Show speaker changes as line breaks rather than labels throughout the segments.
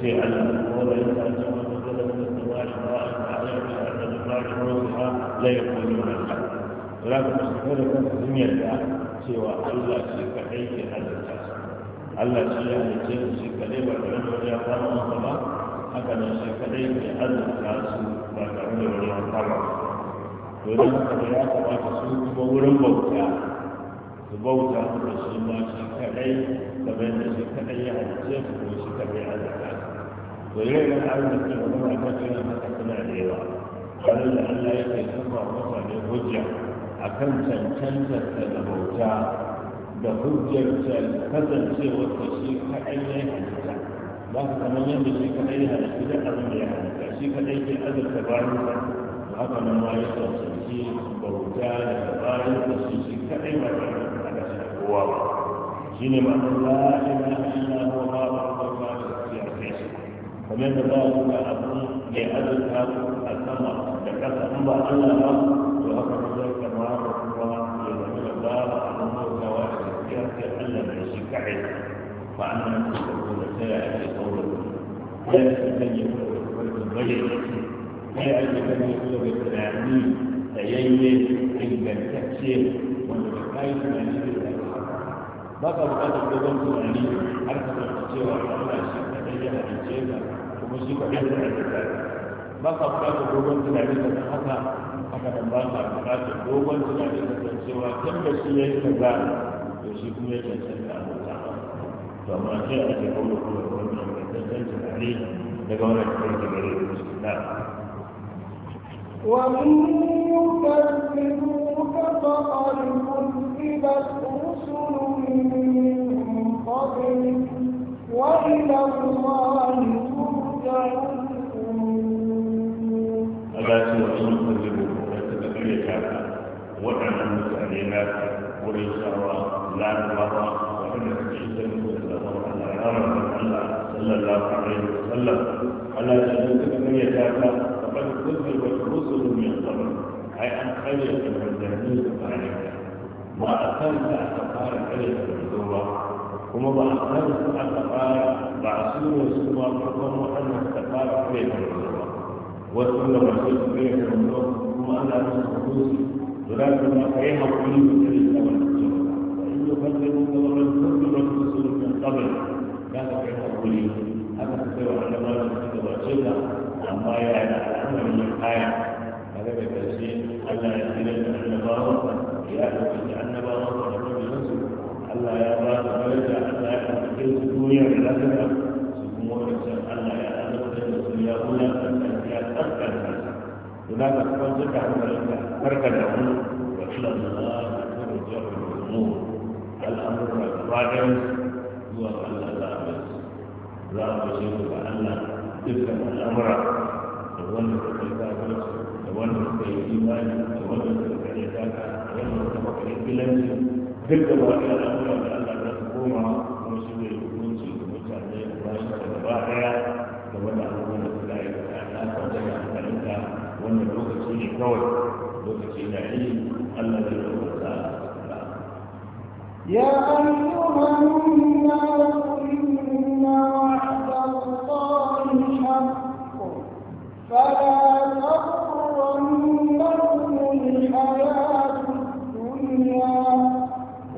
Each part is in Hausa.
في على ولا يتعلمون ولا يتعلمون لا يقولون الحق ولكن تستمر كم الدنيا الآن سوى يعني الله شيء كحي هذا الناس الله شيء هذا الشيء شيء كلي وكلام ولا يقام ولا أكن شيء كلي هذا الناس وكلام ولا يقام وإذا كان يقام فسوق بورم بوتا بوتا فسوق ما شيء كلي فبين شيء كلي يعني هذا الشيء وشيء كلي هذا الناس وليلا على مثل عمر مثلا مثلا عليها قال لعل يأتي سفر مثلا الهجة أكم تنتنزل تنبوتا بهجة كذا سوى والتشريك كأي حدث لا تتمنى بشيء كأي حدث لا أظن يا حدث شيء كأي أذى تبارك وهذا ما يتوصل شيء بوتا تبارك شيء كأي ما على شيء هو شيء ما لا إله إلا هو ومن ذلك أظن لأن الثمر لكن أنبى أن لا يؤخر ذلك مرارة أخرى لأن الباب عن أمور نوائل الكافر أن لم يشك حيث وأن لم تكون سلعة في قولكم لا يستطيع يقول لكم بجر لا يستطيع يقول لكم تعميم تيمم عند التكسير ومتكايف من أجل ذلك الحق بقى بقى تقولون سؤالين أكثر من سوى الله شيء تتجه من شيء wasu kwaɗin da ake da ba ka buƙatar dogon tunani da ta haka haka nan ba ka buƙatar dogon tunani da ta cewa kan da shi ya yi ka za to shi kuma ya cancanta a bauta to amma sai a ce kawo kuma wannan mai cancanta tunani daga wannan cikin da gare da su na
ومن يكذبك فقد كذبت رسل من قبلك والى الله Allah
ce wa sun kallibu da suka karyata waɗannan mutane na wurin shawa larabawa waɗanda suke san da zama Allah ya rama Allah sallallahu alaihi wa sallam Allah ce da suka karyata ka kamar kuzi wa rusulu min qabl ai an karyata manzanni da bayan ma akan da aka fara karyata manzo ba kuma ba a nan aka fara ba a sura su ba farkon waɗannan ta fara kare da ba wasu da ba su kare da ba kuma ana nan su kusi to da ka ma kai hakuri da kare da ba su ba in da kan sai kuma ba su kusi ba su su da kabar da ka kai hakuri haka ka sai wa Allah ba su da ba ce da amma ya da al'amarin kaya kaga da karshe Allah ya tsira da annabawa ya da annabawa Allah ya ba su daraja Allah ya karɓe duniya da lafiya su kuma wancan Allah ya azabta da su ya kula da ya tsarkanta su da ka kuma suka hankalinka da wani wa kila da za a kuma jawo da mu al'amurra gaba zuwa ga Allah za a bai za a bai shi ga Allah dukkan al'amura da wanda suka yi da wanda suka yi imani da wanda suka da wanda duk da wani al'amuran da Allah ta koma kuma su ne hukunci da mutane da bayan da gaba daya da wani abubuwan da suka yi da Allah ta wajen hankalinka wannan lokaci ne kawai lokaci na yi Allah zai rubuta
يا أيها الناس إن وعد الله حق فلا تغرنكم الحياة الدنيا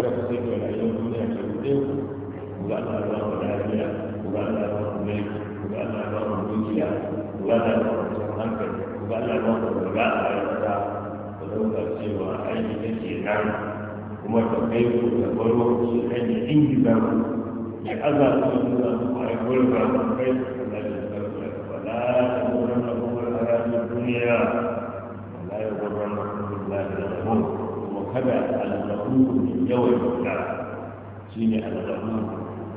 kada ku sai da rayuwar duniya ta rufe ku ku ga Allah ya ba lafiya ku ga Allah ya ba mulki ku ga Allah ya ba dukiya ku ga Allah ya ba kwanciyar hankali ku ga Allah ya ba riga a rayuwa ku dauka cewa aiki take nan kuma ta kai ku da barwa ku su hanyar ingiza ku ya aza ku a yi gurba ku kai ku da ku da ku da ku da ku da ku da ku da ku da ku da ku da ku da da ku da ku kada al-ghafur yawan da shine al-ghafur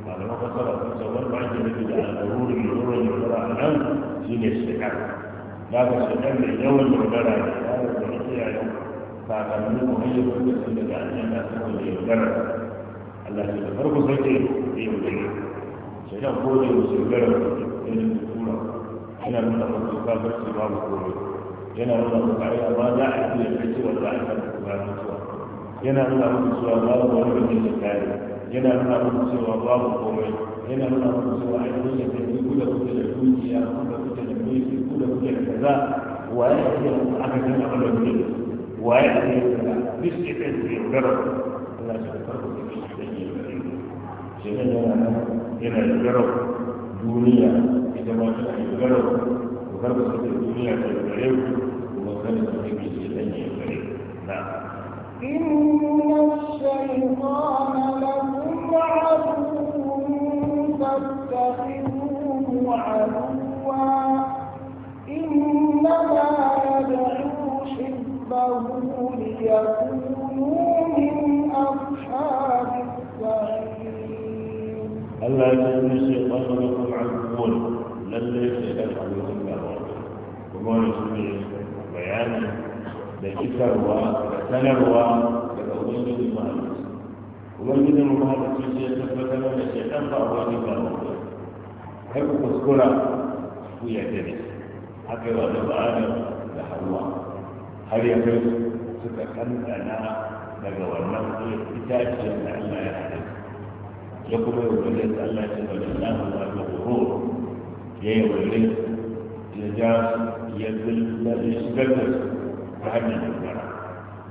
malaman fasara sun san wani ba'in da ke da al-ghafur ne wurin da fara nan shine shekar da ka shekar da yawan da fara da yawan da iyayen kakannin mu hanyar da sun daga aljanna saboda yaudara Allah ya farko sai ya yaudara shekar ko da yaudara irin da tura yana nuna farko kafirci babu komai yana nuna kokari amma za a iya kai cewa za a yi karfafa mutuwa yana nuna muku cewa babu wani wani da kare yana nuna muku cewa babu komai yana nuna muku cewa a yanzu da kai ku da kuke da ku da kuke da ku da kuke da kaza waye ake aka san waye ake kaza duk kai Allah da da shi ne yana yana da duniya ita ma da ku duniya da gare ku kuma da da
إن الشيطان لكم عدو فاتخذوه عدوا إنما يدعو حزبه ليكونوا من أصحاب السعير
ألا إن الشيطان لكم عدو لن ليس يفعل إلا وما يسمي بيانا da isarwa sanarwa daga ubangiji mahalicci ubangijin mahalicci shi ya tabbatar da shi ɗan ba wani ba kai ku kuskura ku yarda da shi haka yi wa da adam da hawa har ya kai suka kankana daga wannan itaciyar da allah ya halitta ya kuma yi wajen da allah ce ba da namun wata horo ya yi wajen ya ja ya shigar da su ta hanyar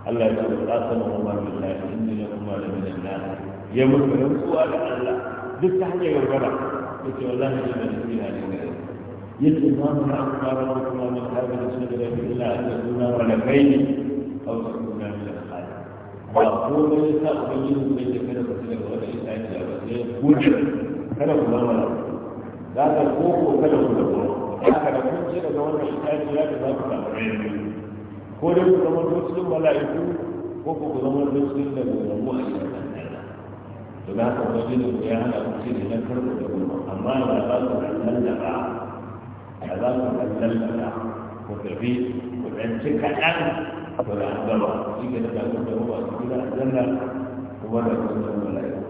Allah ya ce qasama huma billahi inni lakuma la min an-nas ya mutu rantsuwa da Allah duk ta hanyar gaba yace wallahi ni da ina ne yace ma mun akbar wa kuma min hadha al-shajara illa an yakuna malakaini aw takuna min al-khalid ba komai ya sa ubangiji bai da kada ku daga wani itaciya ba sai ku kada ku zama za ka koko kada ku zama haka da kun ce daga wannan itaciya da za ku samu rayu ko dai ku zama dokin mala'iku ko ku zama dokin da mu rabu a cikin to da haka wani ne ya hada ku ce ne na karɓo da kuma amma da za ku kallalla ba da za ku kallalla ba ku tafi ku dan ci kaɗan to da an gaba shi ke da ku da ba su gida a janna kuma da ku zama mala'iku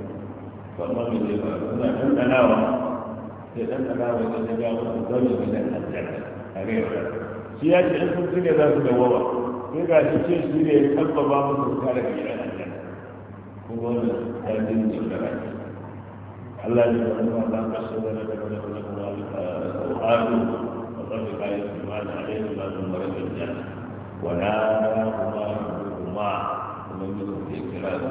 to amma me ne ba ku da suna ɗanɗanawa sai dan ɗanɗanawa ya ga jawo su zaune da aljanna a gaiwa shi ya ce in sun ci ne za su dawowa sai ga shi ce shi ne ya kalbaba musu ta da ke yana nan kuma wani tarihin ne da rai Allah ne wani ma za ka shi zana da wani wani kuma al'adu a tsarin kayan imani a yanzu na zama rage jan wana kuma kuma kuma yi da ke kira da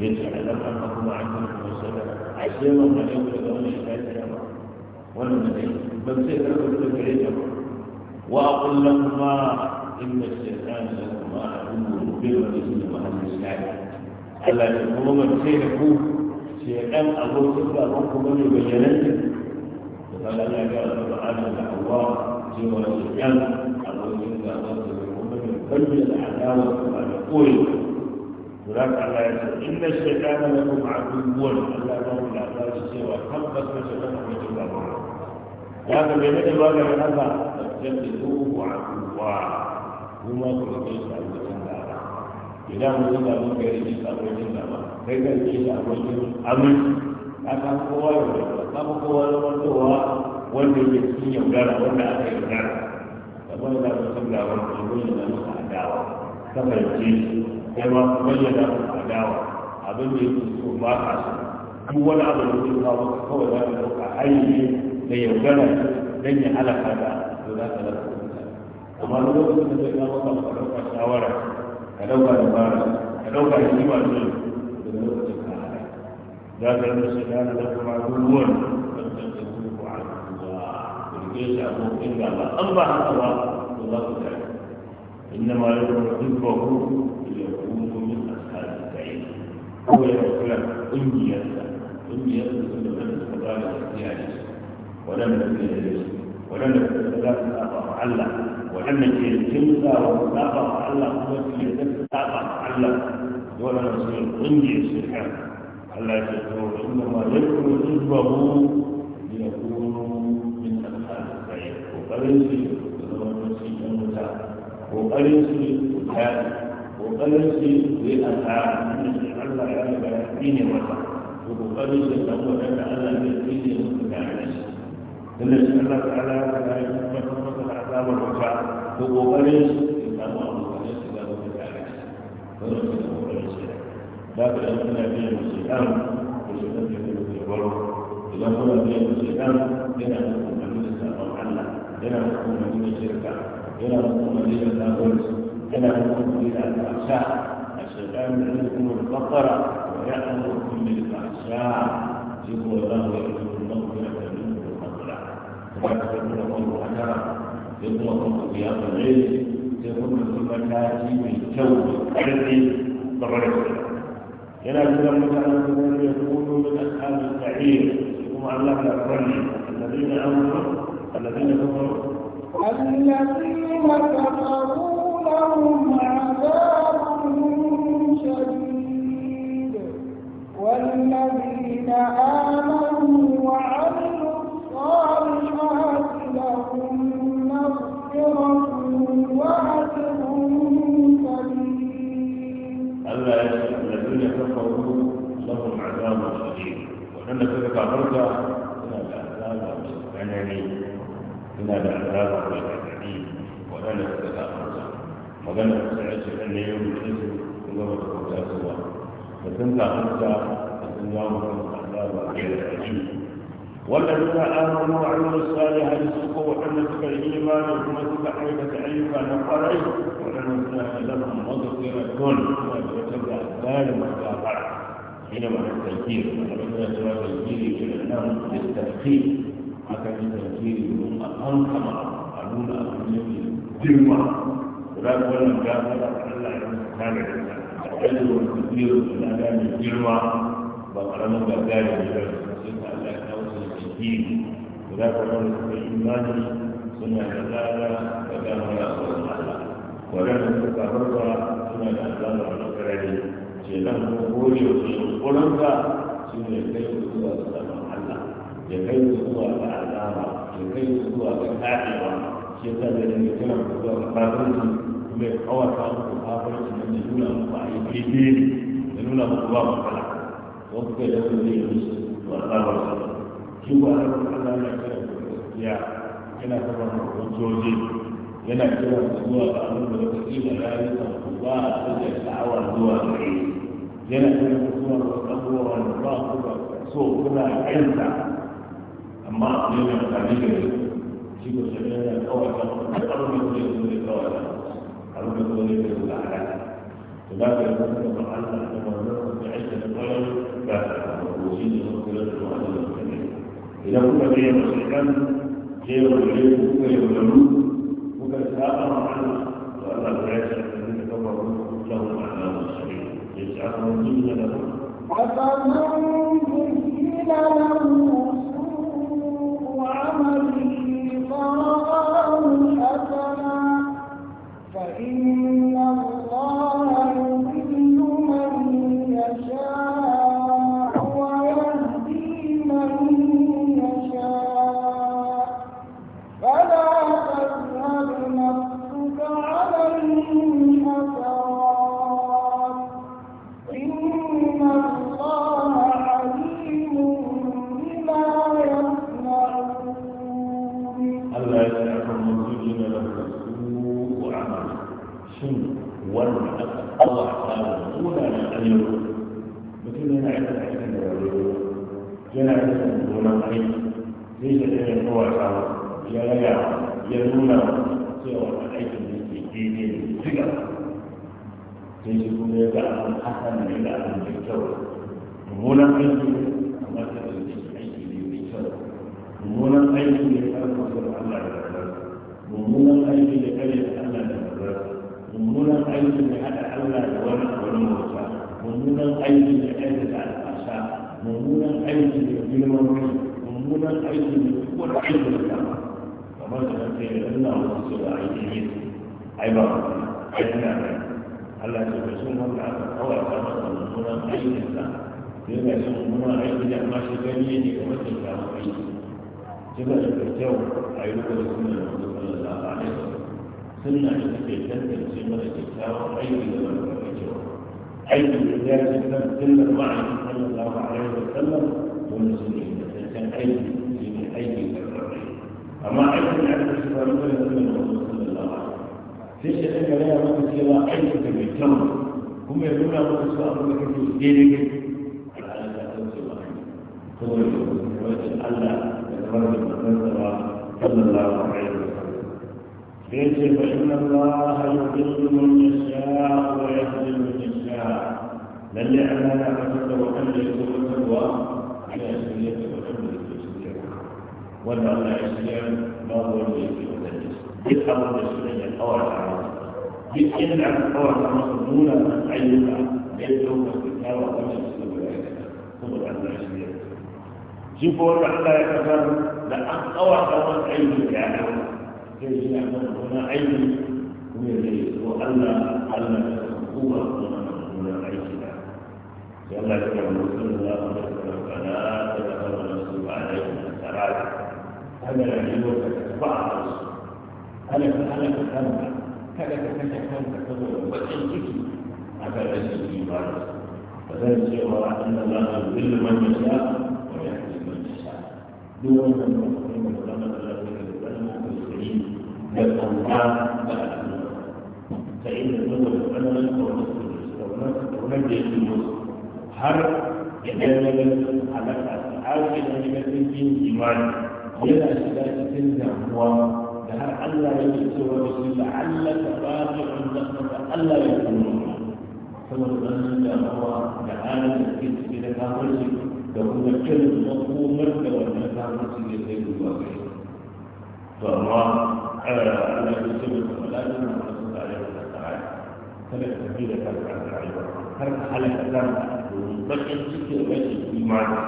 ya ce a nan an kuma an kan kuma sadar a shi yawan wani yau daga wani shi ta yi da ba wannan ne ban sai karɓar da gare ta ba wa a kullum ma إن الشيطان لكم عدو مبين وإن محل الشاهد ألا تكون من سيركم شيطان أبو سبا منكم من يبينني فلا يجعل سبحانه الله سوى الشيطان أبو سبا منكم من يبين العداوة والقول ولكن على إن الشيطان لكم عدو ألا لهم العداوة سوى خلقت الشيطان وجبه هذا بينما قال من الله فاتخذوه عدوا mu ma ku rike shi abokin gaba idan mun yi zaɓen ka rike shi abokin da kai ka rike shi abokin amin ka san kowa ya ka fi kowa ya wantowa wanda yake cikin yaudara wanda aka yaudara kamar da ka san gaba ka bayyana masa adawa ka fahimce shi kai ma ka bayyana masa adawa abin da yake so ba ka so duk wani abu da zai kawo ka kawai za ka ɗauka hanyar da yaudara don ya halaka da to za ka rasa amma lokacin da zai maka ka ɗauka shawara ka ɗauka dabara ka ɗauka hikima ce da lokacin ka haɗa za ka yi shi gane da kuma ruwan da ta ce su ku a ruwa ku rike shi abokin gaba an ba haka ba to za ku tare إنما يدعو حزبه ليكون من أصحاب السعيد هو يقول أمي يسأل أمي يسأل سنة الفضائل والسيادة ولم يكن يجلس ولم يكن ثلاثة أبا معلق ولما تجي تنسى وتتابع الله هو اللي تتابع الله ولا نسير عندي سبحان الله يذكره انما يذكر ربه ليكون من امثال الخير وقلسي وقلسي انت وقلسي انت وقلسي انت ان الله يعلم يهديني وقع وقلسي انت هو ان الله يهديني وقع الله تعالى da kokarin su in samu abokanin su ga wani tare wani su da kokarin su da ka dan kuna biyan da shaitan da shaitan da kuma da gwaro idan kuna biyan da shaitan yana da umarni da sabon allah yana da umarni da shirka yana da umarni da sabon yana da umarni da alfasha الشيطان يعلمكم الفقر ويأمركم بالفحشاء شكرا الله ويأمركم بالمغفرة منه وفضلا فلا تكونوا قوم حجرا ya kuma kuma ya bare sai kuma kuma kaji mai kyau da ƙarfi da barka yana nuna mutanen da kuma ya kudo da ashabin sa'ir kuma Allah ya barni alladheena amanu alladheena kafaru
الذين كفروا لهم عذاب شديد والذين آمنوا وعملوا
Allah ya ce lalzina kafaru lahum azabun shadid wadanda suka kafarta suna da azaba mai tsanani suna da da da ba da da والذين آمنوا وعملوا الصالحات سقوا وحنا سك الإيمان وحنا سك عيبة عيبة نقرأي وحنا لهم مغفرة وتبع الظالم الكافر حينما التذكير وحنا سوى تذكير إلى النار للتأخير حتى التذكير يوم أنقم قانون أنون أنون ولكن ولا تقول أن جاهل الله يمسكنا العلم الكثير من آدم الجرمة بقرنا بقال الجرمة addini to za ka wani da imani suna da tsada da damar a Allah waɗanda suka farfa suna da azabar da karari ce zan kuma kore wa shirkuranka shi ne kai zuwa ga zaman Allah ya kai zuwa ga azaba ya kai zuwa ga kaɗewa shi ya da ne kiran zuwa ga kafirci kuma ya kawata muku kafirci nan ya nuna muku a yi daidai da nuna muku ba matsala wasu da su ne ya musu to azabar shi ba na Allah ya kira ya yana kaba na hujjoji yana kira zuwa ga abin da wata kila rayuka ba a tsaye sha'awa zuwa ga yana kira zuwa ga abubuwa da ba ku ba so kuna kanta amma abin da ta ne da shi ko shi yana kawai ta abin da ya zo da kawai abin da zo da ya zo da halaka فبعد ذلك فعلنا كما نرى في عدة قلم بعد الخروجين وكلت المعلمة idan kuka je ya mashirkan je ya wajen kuka ya wajen kuka saba ma Allah to Allah ya ce da ta kafa ku lahu ala mushri ya ce aka mun yi da ku
afaman kuntina lahu su'u amali fara'a
abin hasan ne da abin mai kyau mummunan aiki amma ta ɗauki aiki ne mai kyau mummunan aiki ne kan kusur allah da rabar mummunan aiki ne kare da allah da rabar mummunan aiki ne haɗa allah da wani wani mota mummunan aiki ne aikata al'asa mummunan aiki ne girman kai mummunan aiki ne kuwar aiki da kama kamar da kan da allah wasu da aiki ne ai ba ai tana Allah ce ba sun wanda aka kawai ta masa mummunan aikinsa sai ga shi mummunan aiki da amma shi gani ne ga mutum ta mu aiki shi ba da kyau a yi rukun sunan da mutum sallallahu alaihi wasallam sunna ne take tantance mana kyakkyawan aiki da wani ba kyau aiki da ya ce kan sunnar ma'aikin sallallahu alaihi wasallam wani sunna ne tantancen aiki shi ne aiki da amma aikin da aka shi ba rukun sunan da mutum sai shi ɗan gare maka cewa aikin ka mai kyau kuma ya nuna maka cewa abin da kake su daidai kai al'adar da kan cewa saboda yawancin Allah da kamar da mutum sama sallallahu alaihi wa sallam sai ce fa inna Allah yudillu man yasha wa yahdi man yasha lalle Allah na fitar da wanda ya so fitarwa ana shirye da wanda ya so shirye wanda Allah ya shirye babu wanda ya so duk abin da sunan ya kawar a masa duk inda aka kawar a masa nuna ayyuka da ya ɗauka su kyawa wannan su da ya kuma da Allah shi ya shi ko wanda Allah ya kasar da an kawar a masa ayyuka ya ɗauka zai shi a kan wani aiki kuma ya zai so Allah Allah ya san kowa kuma na nuna aiki da sai Allah ya kasar da sallallahu alaihi wa sallam kana ta kasar da su ba alaihi wa sallam hada da yiwuwa ta kasar ba a wasu أنا أنا هلك هلك هلك هلك هلك وكان كيفي على العز الإيمان فذلك يرى أن الله يذل من يشاء ويهدي من يشاء دون أن يقيم الغمد الذي يتبنى المسلمين للأوطان فإن الأول الأمل ونجد المسلم هر يدل على عاجل من الإيمان يلا أشياء تنزع هو har Allah ya ce cewa da shi la'allaka baqi'un nafsaka Allah ya kuma saboda wannan damuwa da halin da ke ciki da kafirci da kuma kirin makomar da wannan kafirci ne zai zuwa gare to amma Allah ya ce da malaikun da su tare da ta'ala kada ka bi da kanka a rayuwa kar ka halaka kanka domin bakin ciki da rashin imani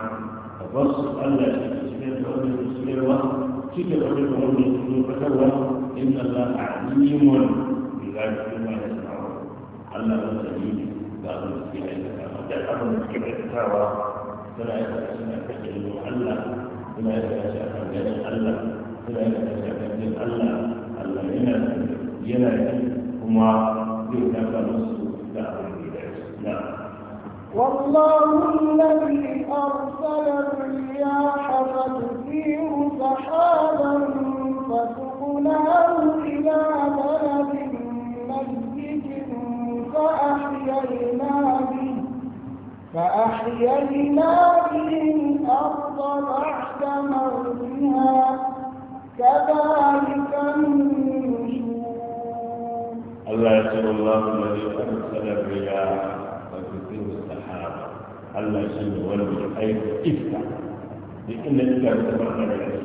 ka bar su Allah ya ce cikin da wannan musulmi cike da wani kamar da su fatarwa in Allah alimun bi zalika ma Allah da suke aikata da abin da suke aikatawa suna aikata suna kashe ilimin Allah suna aikata ganin Allah suna Allah Allah yana yana kuma zai musu da abin da ya dace
والله الذي أرسل الرياح فتثير سحابا فسقناه إلى بلد ميت فأحيينا به فأحيينا به الأرض بعد موتها كذلك النشور
الله يقول الله الذي أرسل الرياح الله يسمي ولد الخير إفكا لأن إفكا متفرقة بالعلم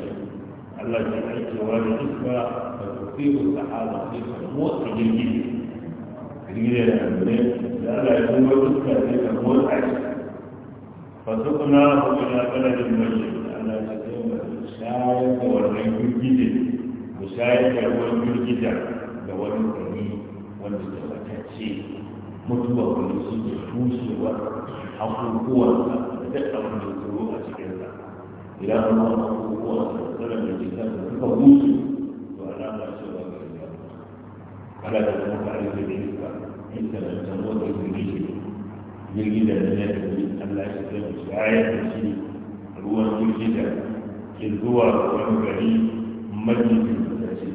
الله يسمي ولد إفكا فتثير السحابة في موت الجديد كثير يا أمين الله يسمي ولد في موت عجيب فسقناه إلى بلد المجد على سكينة الشاعر والعيب الجديد مشاهد هو الملجدة لولد الكريم والمتفتت شيء متوقع من سيد الفوس والحب abubuwansa da duk abin da ya zo a cikinsa idan an ba abubuwansa da tsaron da ke kansa suka mutu to alama ce ba ga riga ala da kuma ka aiki da iska iska da ta motsa jirgi shi jirgi da na yadda ne allah ya ce mu shi ayar da shi ruwan jirgi da ke zuwa wani gari majalisar da shi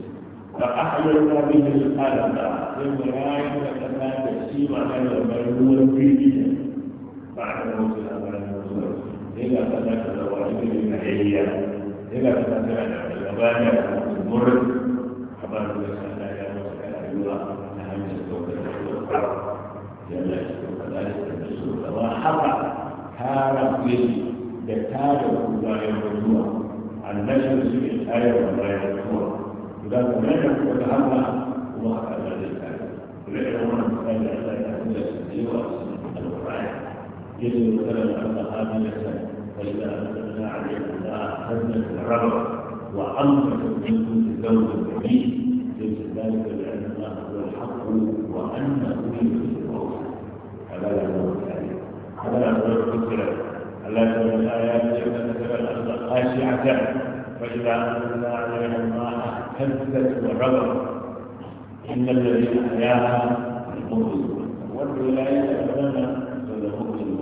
fa ahyayna bihi al-ardh sai mu rayar da kasa da shi ma da ruwan jirgi da بعد موت الأمان والرسول إلى فتاة الواجب المحلية إلى فتاة الأبانة المر حبار الإنسان لا يموت على أيها أهم الزوجة والقرب جل شكر ذلك الرسول وحقق كان في دكتور عن نشر سوء الآية ولا يموتون إذا لم يكن وتهمنا وقت الذي كان ولئن أمرنا بأن لا يكون القرآن يجب الكلام عن هذه السنة فإذا أنزلنا عليها الماء هزت الرغبة وأنفقت منكم الزوج الجميل ليس ذلك لأن الله هو الحق وأنه يخلق الأوصى هذا لا يدور عليه هذا لا يدور فكرة ألا ترى الآيات أن ترى الأرض خاشعة فإذا أنزلنا عليها الماء اهتزت ورغبت إن الذين أحياها المؤمنون والولاية أبدا فالمؤمن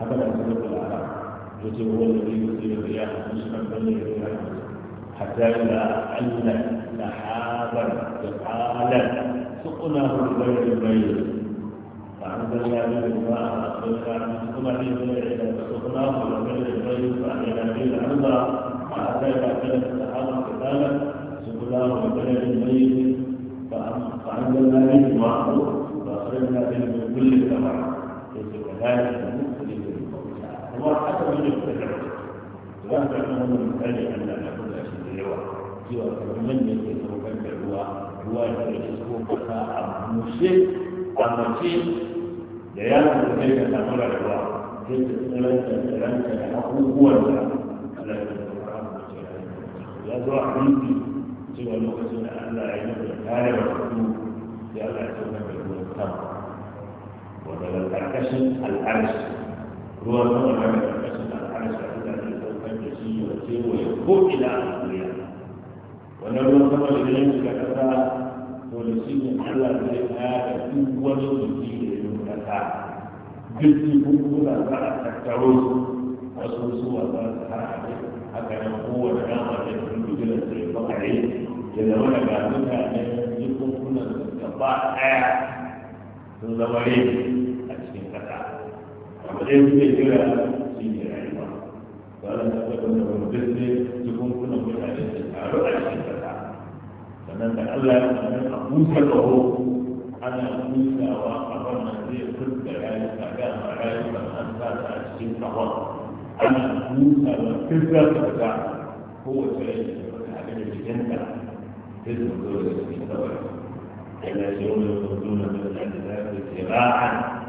هكذا سورة الأعراف يجي هو الذي يرسل الرياح بشرا بين يدي رحمته حتى إذا علت سحابا ثقالا سقناه لبيت الميت فأنزلنا به الماء فأخرجنا من سقناه لبيت الميت فأحيينا به الأرض حتى إذا كانت سحابا ثقالا سقناه لبيت الميت فأنزلنا به الماء فأخرجنا به من كل وكذلك نخرج الموتى هو حسب من يتبعه وأن تعلمون المثال أن لا نأخذ أشد الروا سوى من يتبعه كان الروا هو يتبعه فساء مشي ومشي ليانا كيف تعمل الروا كيف تتلنك تلنك الحق هو الروا ألا يتبعه يا ذو حبيبي سوى المقصود أن لا يتبعه كان الروا يا الله يتبعه الروا daga karkashin al'arshi ruwan sama daga karkashin al'arshi a duka ne saukar da shi ya kewaye ko ina a duniya wannan ruwan sama da ya shiga kasa to da shi ne allah zai kaya da duk wani jiki da ya yi kasa duk jikunkuna za a tattaro su wasu suwa za su haɗe haka nan kowane dama da ya fi gidan sai bakare ya zama daga mutane jikunkunan gaba ɗaya sun zama rai kasa amma dai suke jira shi ne rayuwa ba da ta kwata da wani birni cikin kuna mutane su taru a cikin kasa sannan da Allah ya sanar a busar raho ana busawa a wannan zai fuska rayuka ga rayukan an sa a cikin kawon ana busawa fuska ta fita kowace rayuka ta da jikinta sai su zo da cikin kawai. Allah ya yi wani mutum na mutane da ya fi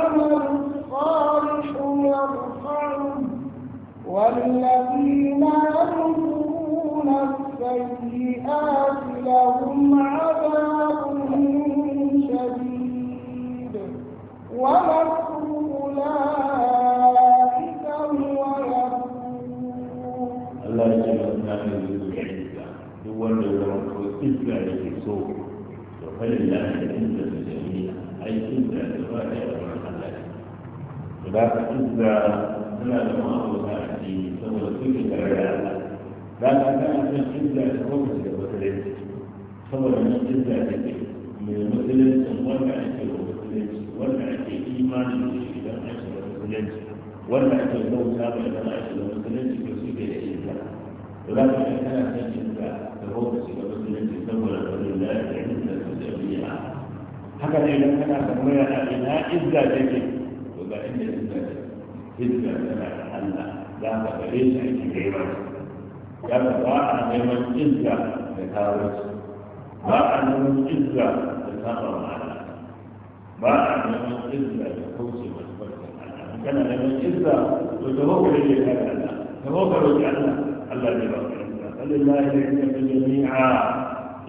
neman izza da kauce masu barkin Allah kana neman izza to tawakkul ne ka ga Allah tawakkul ga Allah Allah ne ba ka izza Allah ne ya ka jami'a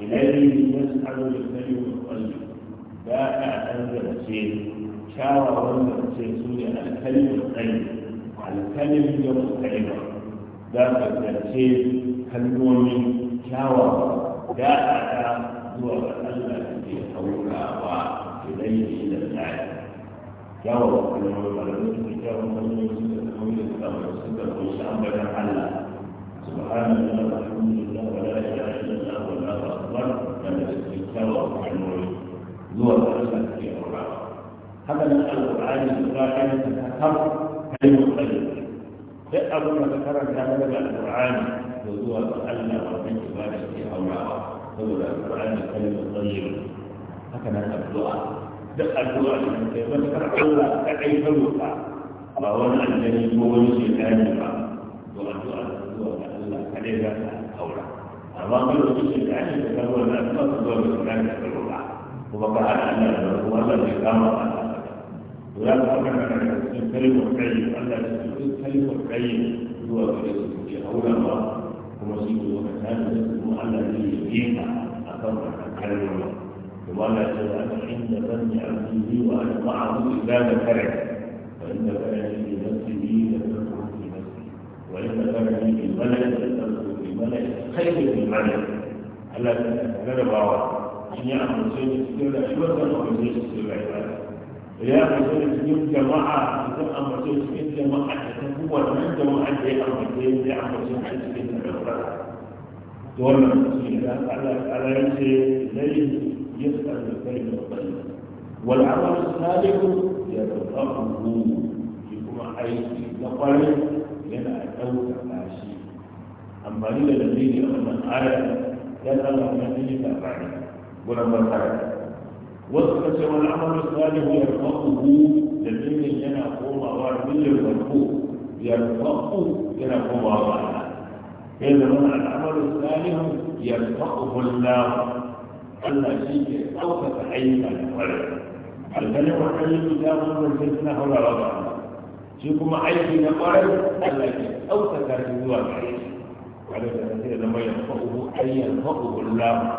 ilayhi yas'alu al-kalim al-tayyib ba ka anzala ce kyawawan zance su ne al-kalim al-tayyib al-kalim ya mutalima za ka zance kalmomi kyawawa da ta zuwa ga Allah da ke haurawa إليه إلى سبحان الله والحمد لله ولا إله إلا الله والله أكبر لما تتكوى عنه زور أسد في القرآن هذا من القرآن القرآن تتكر كلمة قلبك duk abin da ka karanta na daga alƙur'ani da zuwa ga Allah wannan ibada ke haurawa saboda alƙur'ani kalmar tsayyib haka nan duk addu'a da kai ba kar Allah ka kai ka roƙa ba wani annabi ko wani shekani ba to addu'a da zuwa ga Allah kadai za ka haura amma ka roƙi shekani da ka roƙa addu'a ka zuwa ga shekani ka roƙa kuma ka hada Allah da roƙo Allah zai kama ka ولا تفكر أن الكلم القيم ألا الكلم القيم هو في أولى الله ومسيب وكتابه وألا يجيبها أثر الكلم الله وقال جل أنا حين بني عبده وأنا معه إذا ذكرني وإن ذكرني في نفسه لتذكر في نفسه وإن ذكرني في ملك لتذكر في ملك خير من ملك ألا تتكلم بعض إن يعمل شيء يستمع شبكة أو يصير يستمع عبادة إذا أمر شيء جماعة إذا أمر شيء جماعة هو من جماعة زي أمر شيء زي أمر شيء دور المسلمين على على يمشي ليه يسأل الكلمة الطيبة والعمل الصالح يرفعه يكون حيث نقل لنا أتوك ماشي أما إلى الذين أمن آية يسأل الذين تابعني ولما الحركة وسكت والعمل الصالح يرفعه الذين ينا قوم وارمي الفرقوق يرفعه ينا قوم وارمي هذا العمل الصالح يرفعه الله Allah shi ke ɗaukaka ayyukan kwarai alkalin wakilin ya zuwa sai suna haurawa ba shi kuma aiki na kwarai Allah ke ɗaukaka shi zuwa gare shi kada da sai da zama ya fa'uhu ayyan fa'uhu lamu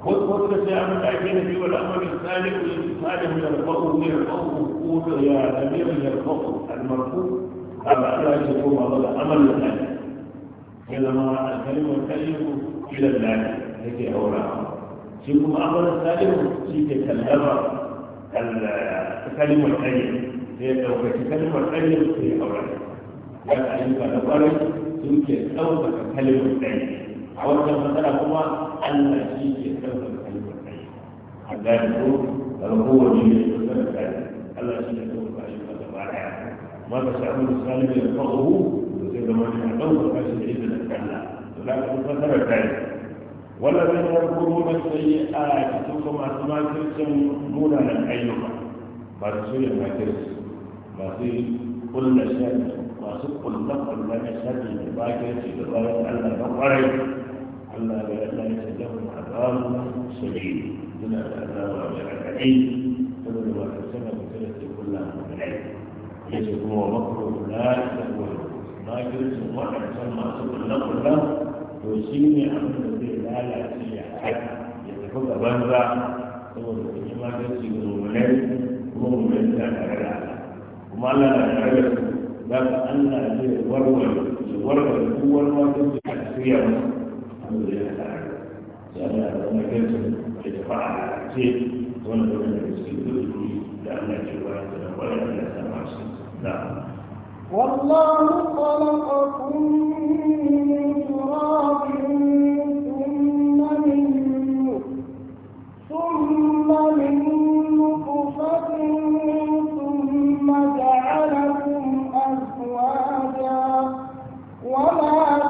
وذكر سيعمل الآيتين في والأمر الثالث الإنسان يرفعه يرفعه قول يا أمير يرفعه المرفوع هذا لا يكون هذا أمل الآن إنما الكلمة الكلمة إلى الله التي هو الأمر شوفوا في المعضلة السالمة التي تتكلم التكلم الحديث هي لو تتكلم الحديث في أوراق لا تعلم بعد ذلك تمكن توبة تكلم الحديث أو كما ترى هو أن الشيء يتوبة تتكلم الحديث حتى يقول لو هو من يتوبة تتكلم الحديث الله يتوبة تتكلم الحديث ما تشعرون السالم يلقاه وزيد ما يحبه وكاسم عيدنا تتكلم فلا تتكلم الحديث والذين يذكرون السيئات سوف ما تماكرتم دون أن أيها ما تسوي ما ترسل ما في كل شيء ما سبق كل نقل يشهد باكر في الله ألا نقرأ ألا بان لا يتجهم عذاب شديد دون العذاب العليم فمن ما تسمى بثلاث كلها من العلم يجب هو مكر أولئك هو ما كرتم وأحسن ما سبق النقل له وشيني أمر lalace ya haka ya tafi ga banza saboda su yi mata su yi mummunai kuma mummunai suna tare da Allah kuma Allah na tare da su za ka Allah zai warware su warware duk wani mata su ka shirya musu Allah zai haka sai Allah ya zama kansu ya tafi a lalace wannan da wani da suke zurfi da Allah ke wani da wani da Allah ya sama su da
والله خلقكم من تراب وما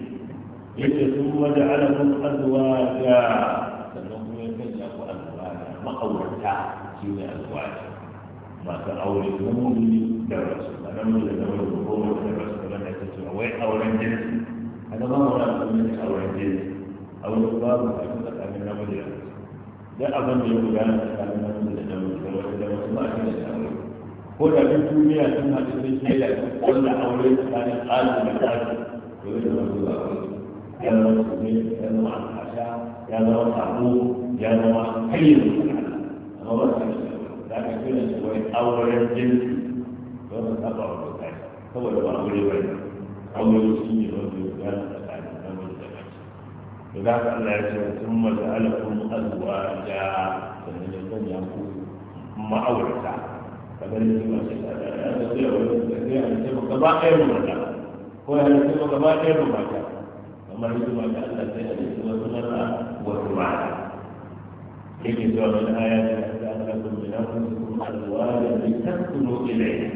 yake sun da alamun azuwa sannan kuma ya sanya ku azuwa ma'aurata shi ne azuwa masu aure muni da rasu ba nan da zama da goma da rasu ba da ta cewa wai auren jinsi a zama wani abu ne auren jinsi wani babu a cikin tsakanin namiji da rasu da abin da ya gudana tsakanin namiji da namiji da wasu da wasu ba shi da aure ko da duk duniya sun haɗu sun shaida wanda aure tsakanin ƙalu da ƙalu to yadda zama zuwa aure يا زمان سمير يا زمان الحشاء يا زمان صعبون يا زمان حين أنا بس لكن كنا سويت أول الجنس يوم الأربع والتسعين هو اللي بقى وين أول سنين وأول جنس إذا قال الله ثم جعلكم أزواجا فمن يكون يقول ما أورثا فمن يكون يستطيع أن يتم قضاء غير مرتبة وهل يتم قضاء غير مرتبة kamar zuwa da Allah sai a cikin wasu maza wasu mata yake zuwa wani aya da ta Allah kun bi nasu kuma alwala bi tasunu ilayhi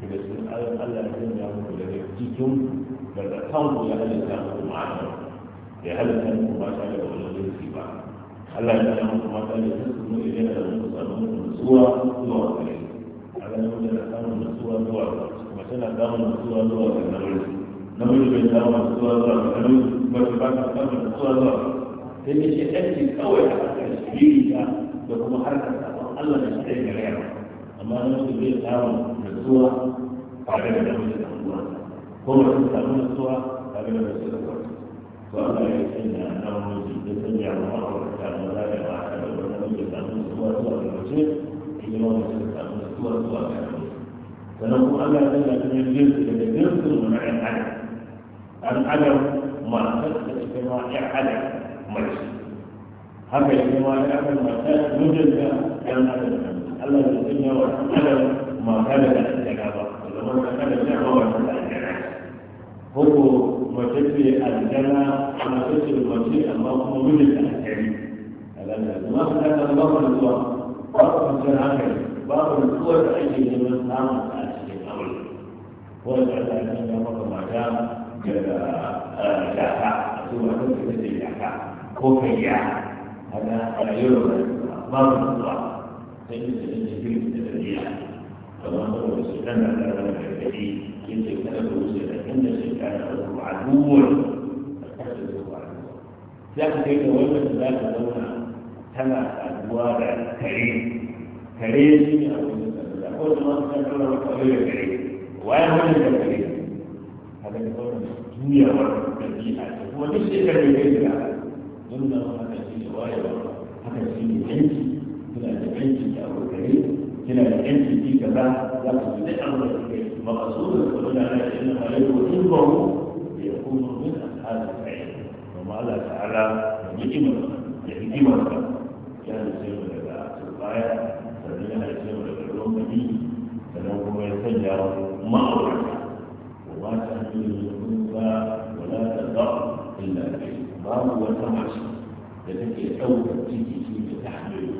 daga sun Allah ya sanya muku daga cikin daga kanku ya halitta muku mata ya halitta muku mata daga wani jinsi ba Allah ya sanya muku mata da tasunu ilayhi da muku samu nutsuwa zuwa gare Allah ya sanya muku nutsuwa zuwa gare kuma tana samun nutsuwa zuwa gare namiji bai samu masu zuwa zuwa ba namiji ba su ba su samu masu zuwa zuwa sai ne ce aiki kawai a harkar shiriri ta da kuma harkar sabon Allah da shi ɗaya gare yawa amma namiji bai samu nutsuwa tare da namiji da uwa ko ba su samu nutsuwa tare da namiji da uwa to Allah ya sanya namiji da sanya ma ma'aurata maza da mata da wani namiji da samu nutsuwa zuwa ga mace ita ma mace da samu nutsuwa zuwa ga namiji sannan kuma Allah ya sanya ta yin jinsi daga jinsin wani ɗan adam العدم ما تلك اجتماع عدم مجلس هذا اجتماع عدم مجلس نجد كان عدم الله يقول له عدم ما كان الاستجابه لما كان الشيخ هو هو مجلس الجنة على فكرة المجلس الله هو مجلس الكريم الناس كان الله هو بعض الجنة هكذا بعض القوة تأتي من نعمة الأشياء الأولى قوة تأتي من نعمة daga jaka a zuwa lokacin da ke jaka ko kayya a na rayuwar ba mu zuwa sai yi da yake bin da dariya kamar da wasu nan da ƙarfin da gari yake kada da wuce da inda shi ka da wasu aduwar da kashe da wasu aduwar ya ka kai da wannan da za ka zauna tana saduwa da kare kare shi ne a wajen da ko da ma su kan tura wata wani da kare wayan wani da kare da wannan juyawar a ta kuma duk shekarar da ya ga don da haka shi da wayewa haka shi ne yanki kina da yanki da abokane kina da yanki ki kaza za ku ji duk abin da kike ba ba so da kuma da ana yin malaiku in ba mu ya kuma min ashabi kai kuma ta ala, da hikima da hikima ya da sai mu daga baya sannan yana ce mu daga ruwan kuma ya sanya ma'aurata الحرام والمحرم لكن التوبه تيجي في التحليل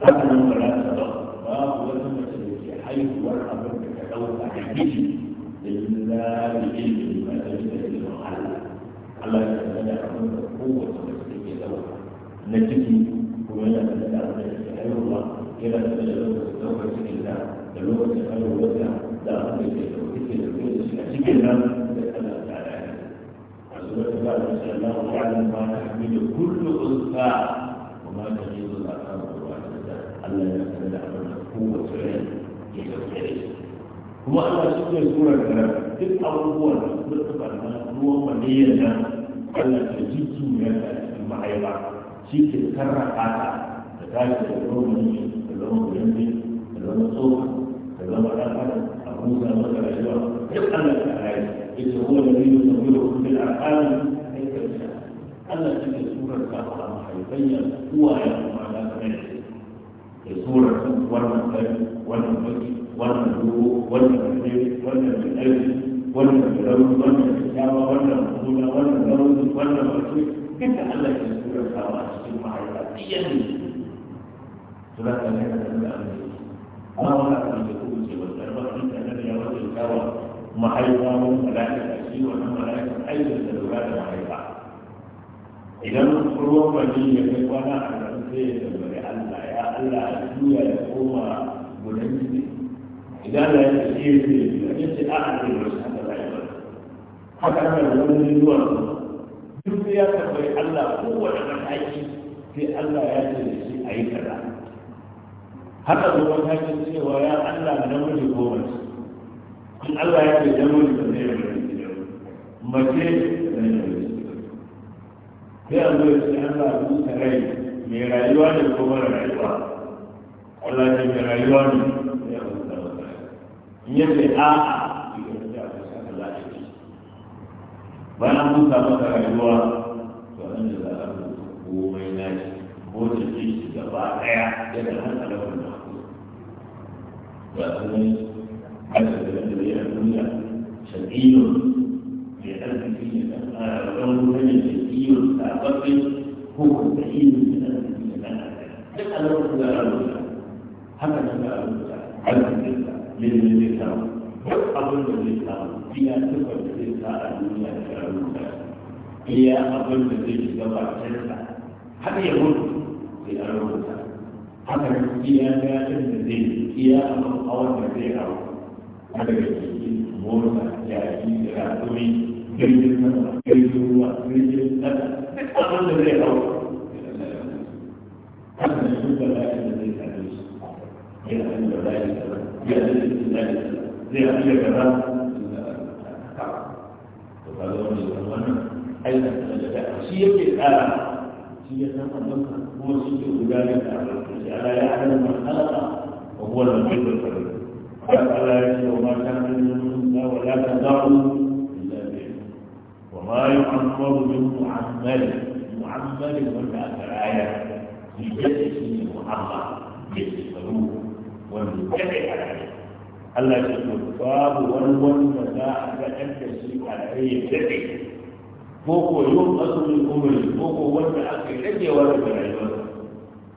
فانا ولا تبقى ولا تبقى حيث ورحم ربك توبه حديثي الا بعلم ما تجد به محلا الله يتمنى ان قوه تبقى توبه نجدي ولا تبقى الله الى kuma ana cikin surar da duk abubuwan da suka taɓa na ruwan maniyyar nan Allah ke jiki ya ta cikin mahaifa shi ke sarrafa ta da tashi da zama da zama gurbi da zama tsoka da zama ɗan adam a musa masa rayuwa duk Allah ta rayu ita kuma da zai yi sauri da kuma da alƙalin aikar shi Allah shi ke surar ta a mahaifayyar uwayen kuma na kamar da surar wannan kai wannan baki والمجروح والمجرد والمجرد والمجرد والمجرد والمجرد والمجرد والمجرد كيف الله يسوع سوى السماء بيده فلا تنهى تنهى أما ولا تنهى والدربة أنت الذي يرد الكوى محيطا وملائكة أسير وملائكة أيضا تدربات محيطا إذا idan Allah ya ce shi ne ya ce a an yi wasu haka za a yi ba haka ana da wani zuwa duk ya tabbai Allah kowane mataki sai Allah ya ce da shi a yi kaza haka zo ce cewa ya Allah na miji ko mace in Allah ya ce da miji ba zai yi mace da ne da sai a zo ya ce Allah rusa rai mai rayuwa ne ko mara rayuwa Allah ne mai rayuwa ne ya zo ya ce a'a bayan mun samu karuwa to nan da za a rubuta komai na shi ko da shi shi gaba daya yadda an tsara wannan abu ba a sani a tsakanin da ya duniya shaƙiyo mai arziki ne ɗan ɗan wani shaƙiyo sababbin hukunta ilimi da arziki ne ɗan ɗan duk a lokacin da a rubuta haka nan da a rubuta arzikin من الإسلام أظن الإسلام يتعلم هي صفة التي تعلم هي تعلم هي أظن الذي يتبع تنفع هل يقول في الأرض حتى هي ذات الدين هي أظن أول الذي أرض هذا الذي مورد يأتي راتوي كريم يتبع كريم هو كيف يتبع أظن الذي أرض هذا يأتي ذلك يأتي ذلك يأتي كذا وقالوا لي وانا ايضا شيء يبكي الان شيء يتمنى هو شيء ذلك الا يعلم من خلق وهو المحيط القريب وما كان منهم ولا تدعوا الا به وما يعمر من معمل معمل ولا كرايه في جسده معمر يسفروه wanda ya kai alhari Allah ya ce babu wani wanda za a ga ɗan da shi alhari ya daɗe ko ko yau asumin umari ko ko wanda aka yi daɗewa daga rayuwar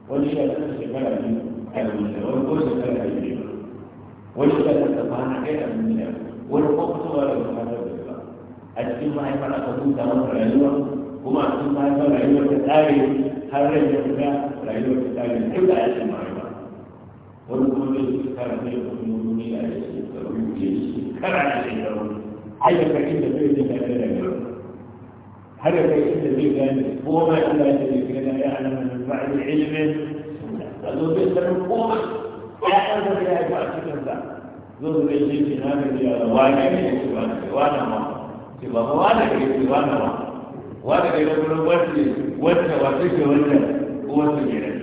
wani ya san shekara biyu a rubuta wani ko shekara biyu wani ya san ta kwana ɗaya a duniya wani ko fitowa daga matar da ba a cikin mahaifar aka huta masa rayuwa kuma a cikin mahaifar rayuwar ta tsare har rai ya fita rayuwar ta tsare duk da a cikin mahaifar wani kuma zai su kara ne da kuma wani a yi shekaru da shi kara da shekaru har da da zai jin daɗi da gaba har da kai da zai gane komai Allah da kana ya alama da zo zai san ya da ya yi a cikin sa zo zai ji ki na da ya wani ne ki ba ne wani ma ki ba wani ne ki wani ma wani da gurin wani wanda wata ke wanda uwarsa ke da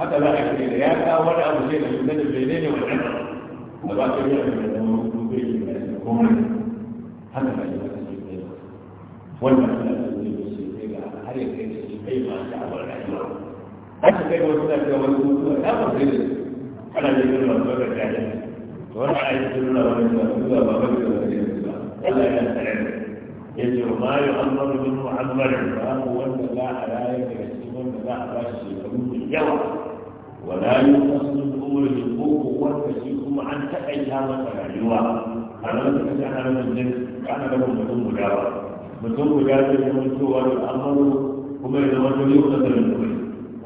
حتى لا يكفي لياقة ولا أبو زيد من البينين والعمر فبعد يعلم أنه مبين من أنكم هذا ما يمثل البيضة والمسألة هل يكفي البيضة دعوة العمر هذا كيف يمثل والموضوع لا مبين فلا يجب أن نقول الإعلام ولا يجب أن نقول ألا يستعلم يجب ما يؤمر منه عن مرعب فهو أن لا على يكفي وأن لا على شيء فمن يوم wala yi kasu umar da wanda shi kuma an taƙaita masa rayuwa a nan da kashe ana nan jin ana ganin mutum guda ba mutum guda zai zama cewa da al'amaru kuma ya zama da yau da zarin kuri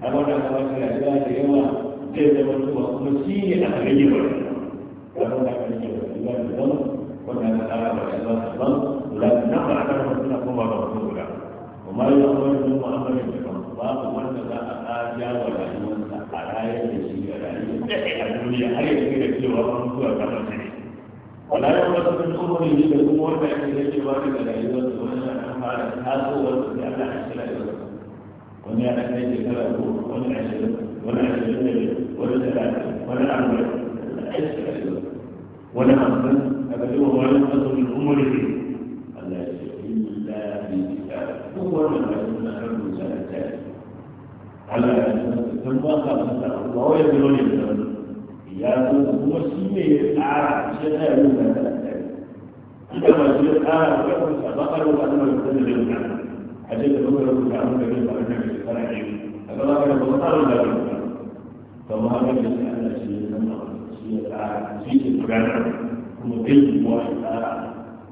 har wanda ka bashi rayuwa da yawa zai zama cewa kuma shi ne a rage ba kamar da aka rayuwa da zama wanda aka tsara ba rayuwa zama kula da nan ba a kan suna koma ga mutum guda kuma yi amma da muhammadu da kan babu wanda za a ƙaja wa rayuwarsa a rayar da shi a rayar da shi a duniya har yanzu da cewa an zuwa kamar ta ne wala ya wasu kan tsohon yi da kuma wanda ake da cewa daga rayuwar da wani na kan fara tasowar da Allah ya shirya da wani ya ɗan kai shekara ko wani ashirin wani ashirin da wani talatin wani arba'in wani hamsin a ga cewa wani tsohon umuri ne Allah ya ce illa bi kitab duk wannan ba su na kan rubuta da Allah ya san san ba ka san ba wai da lori da ya san kuma shi ne ya tsara shi ta yi da ta ita ba shi ya tsara ba ka san ba ka rubuta da mai sanin da ka a ce da kuma rubuta mun da ba ka da tsara ne a ga ba ka da ba tsara da ka to ma ga da Allah shi ya san ba shi ya tsara shi ke tsara kuma dai kuwa ya tsara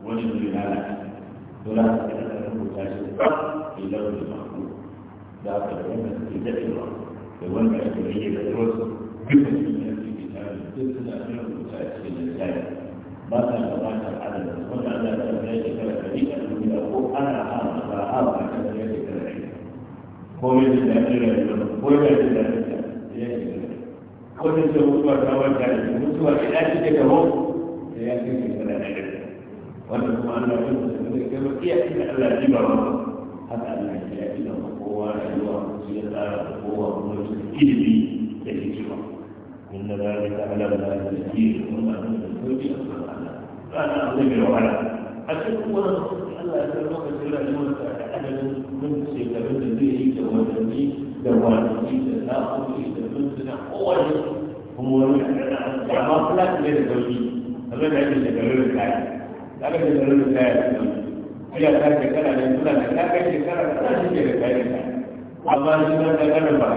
wani da ya lalata dole ka rubuta shi ba idan da ba da aka da wanda suke daɗewa da wanda ake rage da wasu duka ne yanzu ke tare duk suna cin rubuta a cikin lissafi ba sa gabatar adadin wanda ana da ya shekara ɗari a duniya ko ana hama ba a ba a kan ya shekara ɗari ko mai jin daɗin rayuwa ko ya jin daɗin ta ya shekara ɗari ko ta ce mutuwa ta wanda da mutuwa ta ya ce ta hau da ya ce shekara ɗari wanda kuma ana yin musulmi da kai iya cikin Allah ba ba haka Allah ya ce ya ba kowa rayuwa ya tsara da kowa kuma shi ilimi da hikima in da zai ta halar da ya ji kuma da sauki a cikin kuma Allah ya da adadin mun shekarun da zai yi da wadanni da wadanni da da mintuna kowane kuma wani da ma ne da da ake shekarun da da aka shekarun da da ta shekara da ta kai shekara shi ke da kayan amma shi na da kanan ba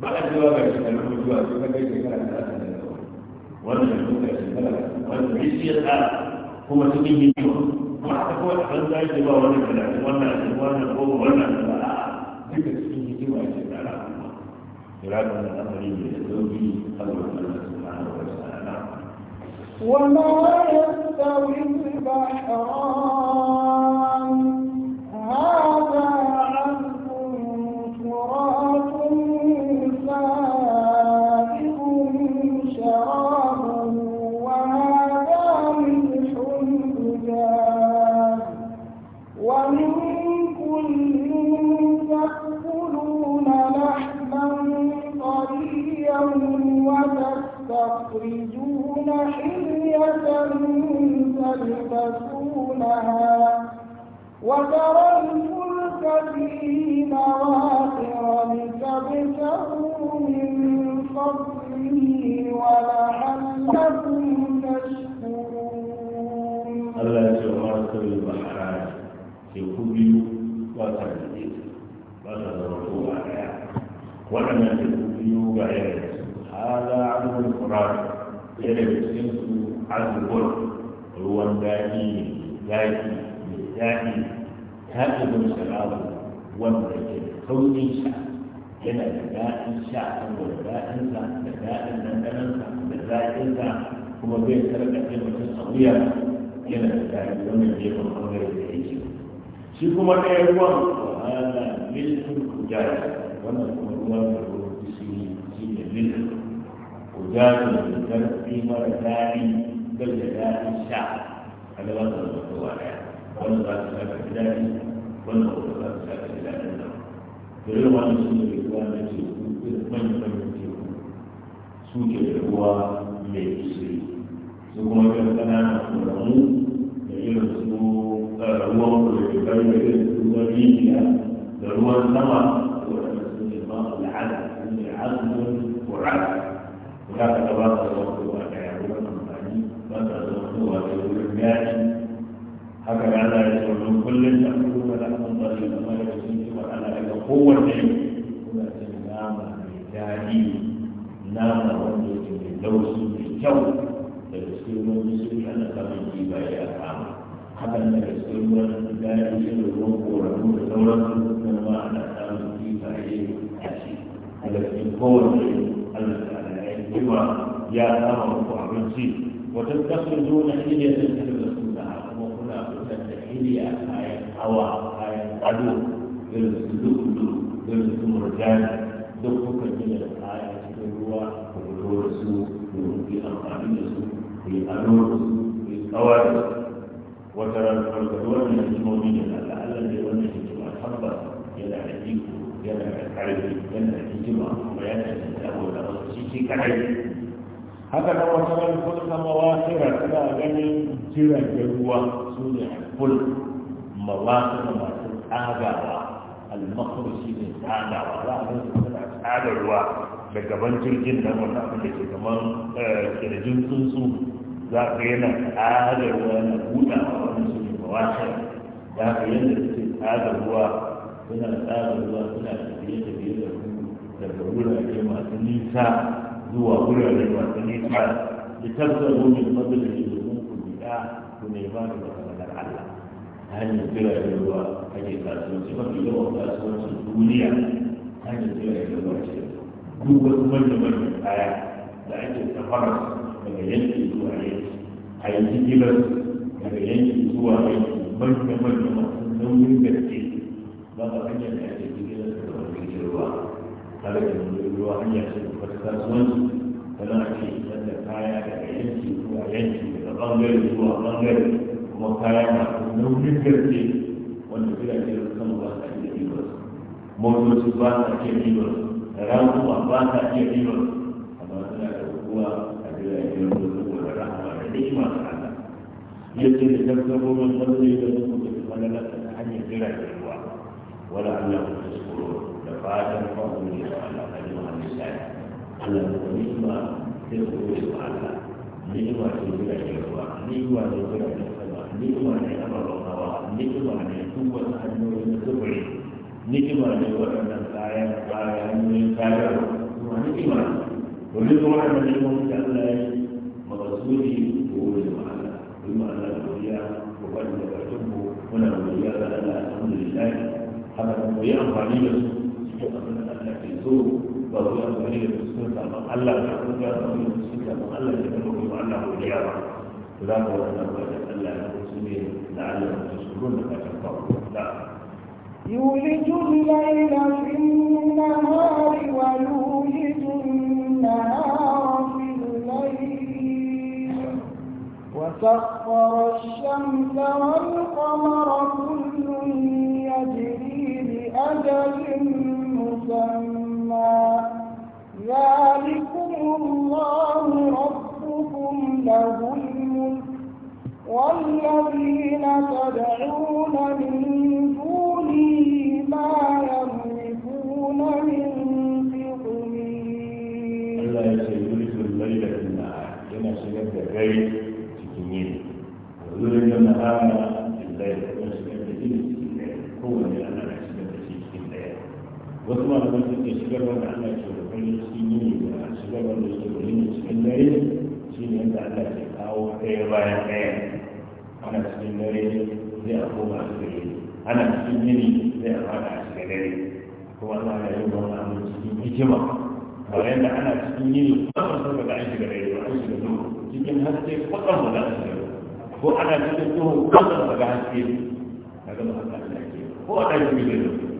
ba a cewa ga shi kanan mutuwa sai ka kai shekara ta ta da wannan shi ka shekara wannan shi ya tsara kuma cikin hikima kuma haka kawai a banza yake ba wani talatin wannan wannan ko wannan ba a duka cikin hikima ya tsara kuma kira ga wannan amari ne da sauki Allah subhanahu wa ta'ala
وما يستوي البحران تخرجون حلية تلبسونها وترى الفلك فيه مواخر لتبتغوا من فضله ولعلكم تشكرون الله يجعلك
البحران يخبئ وتنزل وتنزل وتنزل وتنزل وتنزل ta'ala azumul quran yana da cikin su azumul ruwan daɗi mai daɗi mai daɗi ta'ibun sharabu wanda ke sauƙin sha yana da daɗin sha daɗin daɗinsa da daɗin ɗanɗanansa da zaƙinsa kuma zai sarƙaƙe mutum a wuya yana da daɗi wannan gefen ɓangare da yake shi kuma ɗaya ruwan wahala milkin kujara wannan kuma ruwan da ruwan bisiri shi ne milkin gado da zarfi mara daɗi bai da daɗin sha a gaban da zama kowa ɗaya wanda za su shaka ji daɗi wanda wanda za su shaka ji daɗin nan da yin wani shi ne ruwa na teku irin manyan manyan teku su ke da ruwa mai gishiri su kuma yin ƙananan ƙoramu da irin su ruwan kurkukai da irin su ruwan rijiya da ruwan sama waɗanda su ne ma'a al'ada su ne azumin ƙoramu za ka ba ta zama kowa da yawon amfani ba ta zama kowa da wurin gashi haka da ana yi sauran kullum da aka kuma da aka ba shi zama da sun ci ana daga kowanne kuna cin nama mai daɗi nama wanda yake mai laushi mai kyau daga cikin ruwan musulmi ana samun kibaye a kama hakan daga cikin ruwan daɗi shi da ruwan koramu da sauransu kuma ana samun ya yi a ciki a da cikin kowanne يجب يا أبا الله عزيز وتتخذون حلية تلك السنة وهنا قلت حلية أي هوى أي عدو إلى السلوك دو إلى المرجان دقك من الآية هو الرسول في أمامنا في أنوس في أوائل وترى الفرق دون المؤمنين لعل الذي ونحن جمع الحرب يلا عديك يلا عديك يلا عديك يلا عديك يلا عديك هذا لو ترى الفلك مواخر كما غني جرى جوا سوري الفلك مواخر ما تتعدى المخرج من تعدى ولا تتعدى الوا لقبان جرجن لما تعمل كمان آه، كرجن تنسو ذاك ينا تعدى الوا نقودا ونسوري مواخر ذاك ينا تتعدى الوا هنا تعدى الوا هنا تتعدى الوا daga wurare masu nisa zuwa wurare masu nisa da tabbata min fadlihi domin ku bi'a ku ne ba da fadlar Allah ta hanyar jiragen ruwa ake kasuwanci mafi yawan kasuwancin duniya ta hanyar jiragen ruwa ce duk wasu manya-manyan kaya da ake safara daga yanki zuwa yanki a yanki gilas daga yanki zuwa yanki manya-manyan masu nauyin gaske ba ba hanyar da ake tare da ruwa hanya ce da wata kasuwanci tana ce isar kaya daga yanki zuwa yanki da bangare zuwa bangare kuma kaya masu nauyin gaske wanda gidajen sama ba sa iya ribar motoci ba sa iya ribar ramuwa ba sa iya ribar amma suna da ruwa a gidajen ruwa saboda rahama da ni'ima ta Allah yace da dabbobin wanda ya zama da malaka ta hanyar jiragen ruwa wala Allah ta shukuru fatan kwanu ne wa Allah ka Allah nima Allah nima nima nima nima na zubure nima ne waɗannan kayan kayan yin kuma nima da Allah ya Allah kuma Allah da mu Allah alhamdulillah haka amfani da su
يولج الليل في النهار ويولج النهار في الليل وسخر الشمس والقمر كل يجري أجل مسمى ذلكم الله ربكم له الملك والذين تدعون من دونه ما يملكون من قطمير.
الله يسلمك الليل في النهار، كما سيبدا غير akwai cikin yini da a shiga wanda yake da cikin dare shi ne yadda Allah ke kawo ɗaya bayan ɗaya ana cikin dare zai a koma a cikin yini ana cikin yini zai a fada a cikin dare kuma ana da yin wani abu cikin hikima ba yadda ana cikin yini ba a san daga an shiga dare ba an shiga duhu cikin haske kwakwar ba za a shiga ko ana cikin duhu kwakwar ba ga haske daga ba ko a ɗan duhu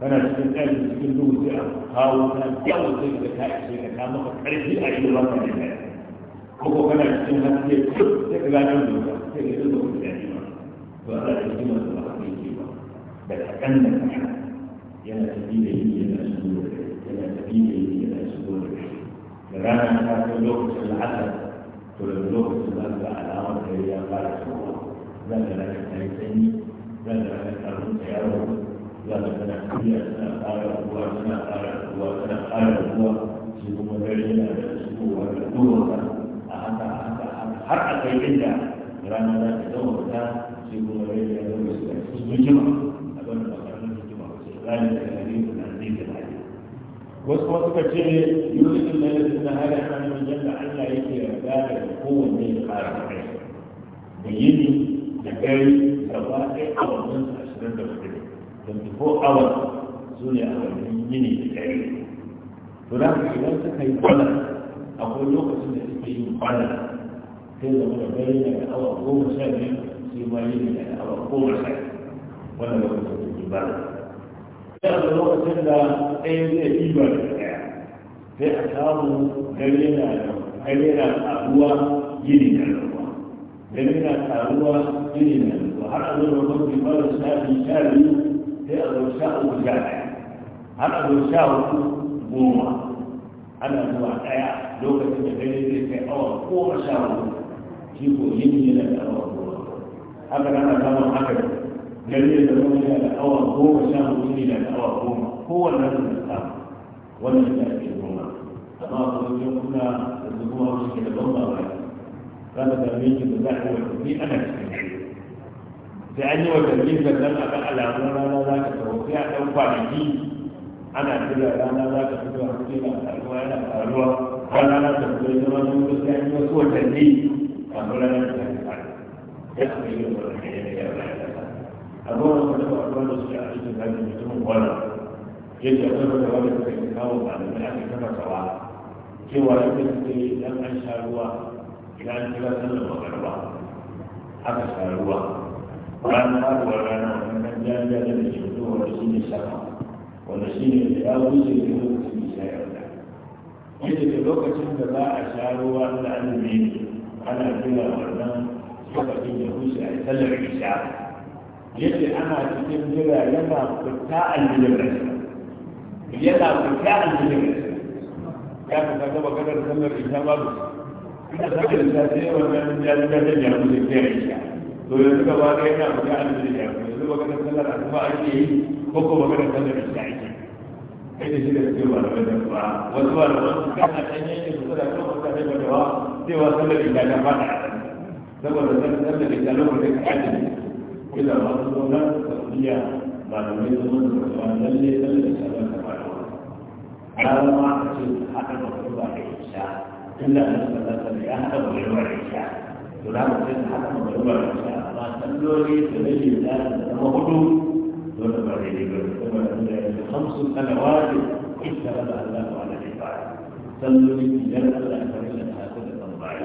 kana cikin ɗaki cikin duhu sai a kawo kana yawon sai da ka ishe ka ka maka ƙarfi a ido ba ka da ɗaya ko kana cikin haske sai ka gano da ka sai ka yi da kuɗi ɗaki ba to ana da jima da ba ka yi ba da kaɗan da kaɗan yana tafi da yi yana shigo da yana tafi da yi yana shigo da da rana ta kai lokacin la'asar to da lokacin za ka alamar da ya fara shigo zan da rana ta yi sanyi zan da rana ta rufe yaro zaka tana kuriya tana ƙara ruwa tana ƙara ruwa tana ƙara ruwa shi kuma dare yana da shigowa da ɗorawa a haka haka har a kai inda rana za ta gama fita shi kuma dare ya gama shiga cikin hikima a gama da ƙaramin hikima sai ranar da gari na zai da hali wasu kuma suka ce yuri din da yake na hali ana nuna yadda Allah yake yarda da kowanne ya ƙara da kai da yini da gari gaba ɗaya a wannan ashirin da hudu 24 hours su ne a wannan yini da dare to da ka idan suka yi kwana akwai lokacin da suke yin kwana sai zama da dare da awa goma sha biyu sai ma yi da awa goma sha wannan lokacin da yi bada sai a lokacin da ɗaya zai ba da ɗaya sai a samu dare na dare na ƙaruwa yini na ruwa gari na taruwa yini na ruwa har a zo da wani ba da shafi sha biyu sai a zo sha uku sha ɗaya har a zo sha uku goma ana zuwa ɗaya lokacin da gani zai kai awa goma sha uku shi ko yin yana da awa goma haka na zama haka gani da zama shi da awa goma sha uku ne da awa goma kowanne su da samu wannan ya ke goma amma a kuma yin kuna da zuwa wani ke da ban ba ba za ka same shi da za a yi wata ana cikin shi da an yi wa dalilin sannan a kan alamun rana za ka tsawo sai a ɗan kwanaki ana tura rana za ka fito a cikin yana yana faruwa har rana ta fito ita zama sun sai an yi wasu watanni kamar rana ta ya su yi wa wani yanayi a rana a gona wani ba a da suke a cikin zanen mutumin wani yadda ya zama da wani suka yi kawo ba da mai ake kafa tsawa cewa yadda suke idan an sha ruwa idan an kira sallar magarba aka sha ruwa ranar haɗuwar rana wannan jami'a da ke fito wanda shi ne sama wanda shi ne da ya wuce da lokacin da ya yarda yadda da lokacin da za a sha ruwa da azumi ana gina wannan lokacin ya wuce a sallar isha yadda ana cikin jira yana fita a aljihin yana fita a aljihin ya fita gaba gadar sallar isha babu ina sake da ta ce wannan jami'a da ya wuce da ya isha dole suka ba da yana mutu an da ya kuma zuwa ga sallar asuba ake yi ko kuma ga sallar isha ake kai da shi da suke ba da wajen ba wasu ba da wasu kan a can yanke su da kuma suka da cewa cewa sallar isha ta fada a can saboda sallar isha lokacin ka ake ne kila masu zauna da iya ba da wani zaman da kuma lalle sallar isha ba ta fada ba har ma a ce haɗa da kuma ba da isha tunda a nan sallar ya haɗa ولما كان حتى ما يقول ان شاء الله تبلغي تبين الان لما هدوء دون ما خمس سنوات اشتغل على العباده تبلغي تجارة الأكثرين هكذا تنبعي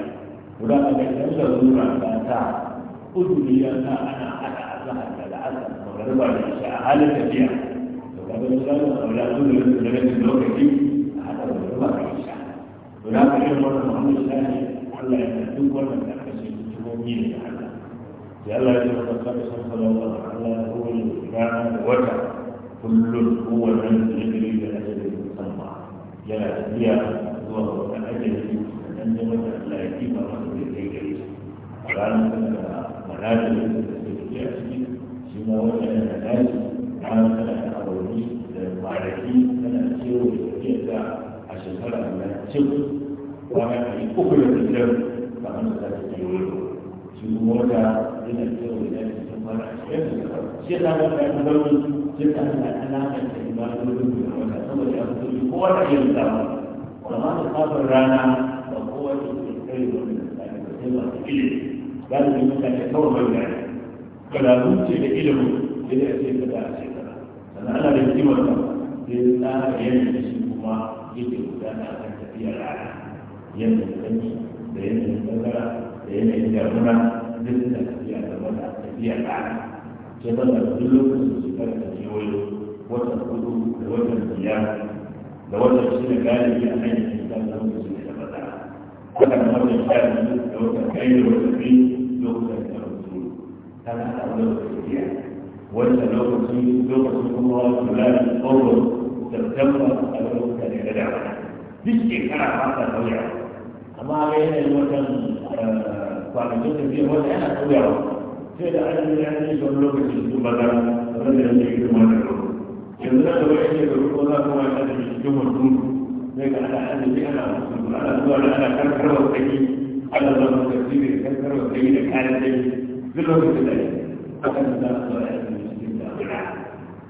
ولما كان يقول ان شاء أدري أن أنا على أزهر العسل وغربة العشاء على الجميع وقبل السلام أولاد الذين يدركون هذا غربة العشاء ولكن يقول محمد الله يهديك ولا sauƙi ne da Allah sai Allah ya ce wa kan sallallahu alaihi wa sallam rana da wata kullum kowannen da yake da ajali musamman yana tafiya zuwa ga wata ajali da ɗan jama'a da Allah ya kima masa da kai gare shi a ranar da manajin da suke tafiya ciki shi ma wata yana tashi ranar tana da awarni da maraki tana cewa da tafiyarta a shekara da cin kwana ɗari uku da tafiyar kamar da za ta yi wani shi mota yana cewa da yake sun fara a cikin shi ta ga ta nauyi shi ta ga ta nakan ta imanin da wata saboda ya fito kowa da yin zama amma da kafin rana ba kowa da ke kai da wani tsari ba sai masu ilimi za su yi mutane kawai mai gani karatu ce da ilimin da ya ce ka da a shekara sannan ana da kimar da zai tsara yanayin shi kuma yake gudana a kan tafiyar rana yadda da da yanayin tsakara da yanayin damuna duk da tafiya da wata tafiya ce da duk lokacin watan hudu da watan da watan galibi a hanyar shekar da lokacin da da sha biyu da kai da da lokacin wanda lokaci lokacin kuma wani kula da da a lokacin da dama duk shekara ba ta amma ga yanayin watan eh, kwanakin tafiya wata yana tsayawa sai da an yi an yi wani lokaci su bazar wanda ya ce da ruwa yanzu na gaba ya ce za kuma ya ce cikin mutum zai ga ana azumi ana mutum ana zuwa da ana karkarwa tsaki ana zama tasiri da karkarwa tsaki da kayan tsaki duk lokacin da ya akan za a zuwa ya ce cikin damuna